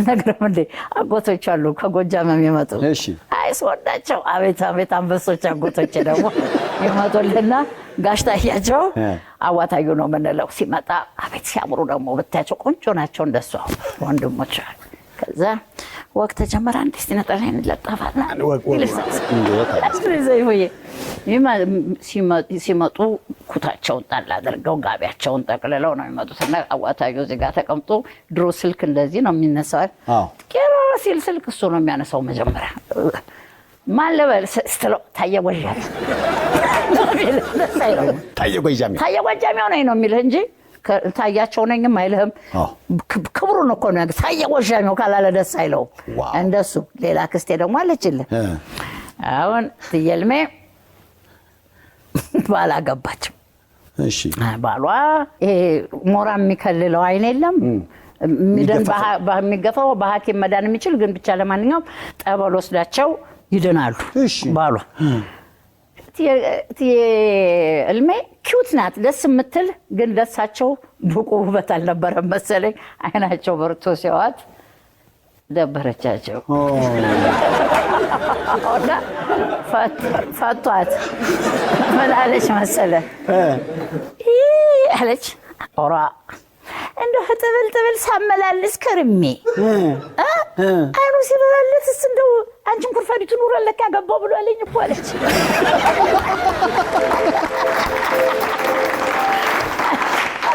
አልነግርም እንዴ አጎቶች አሉ ከጎጃም የሚመጡ አይስወዳቸው አቤት አቤት አንበሶች አጎቶች ደግሞ ይመጡልና ጋሽ አዋታዩ ነው የምንለው ሲመጣ አቤት ሲያምሩ ደግሞ ብታያቸው ቆንጆ ናቸው እንደሱ ወንድሞች ከዛ ወቅት ተጀመረ እንዴ ሲነጠ ይለጠፋል ሲመጡ ኩታቸውን ጣል አድርገው ጋቢያቸውን ጠቅልለው ነው የሚመጡት። እና አዋታዩ እዚህ ጋር ተቀምጦ ድሮ ስልክ እንደዚህ ነው የሚነሳው። ሲል ስልክ እሱ ነው የሚያነሳው። መጀመሪያ ማን ልበል ስትለው ታየ ጎዣሜ ታየ ሆነኝ ነው የሚልህ እንጂ ታያቸው ነኝም አይልህም። ክብሩን እኮ ነው ታየ ጎዣሜው ካላለ ደስ አይለውም። እንደሱ ሌላ ክስቴ ደግሞ አለችልህ አሁን ትየልሜ ባል አገባች። ባሏ ሞራ የሚከልለው አይን የለም የሚገፋው በሐኪም መዳን የሚችል ግን ብቻ ለማንኛውም ጠበል ወስዳቸው ይድናሉ። ባሏ እልሜ ኪዩት ናት፣ ደስ የምትል ግን ለሳቸው ብቁ ውበት አልነበረም መሰለኝ። አይናቸው በርቶ ሲያዋት ደበረቻቸው። እና ፈቷት። ምን አለች መሰለ አለች ራ እንደው ጥብል ጥብል ሳመላልስ ከርሜ አይኑ ሲበላለት ስ እንደው አንቺን ኩርፈዲቱ ኑሮ ገባው ብሎ አለኝ እኮ አለች።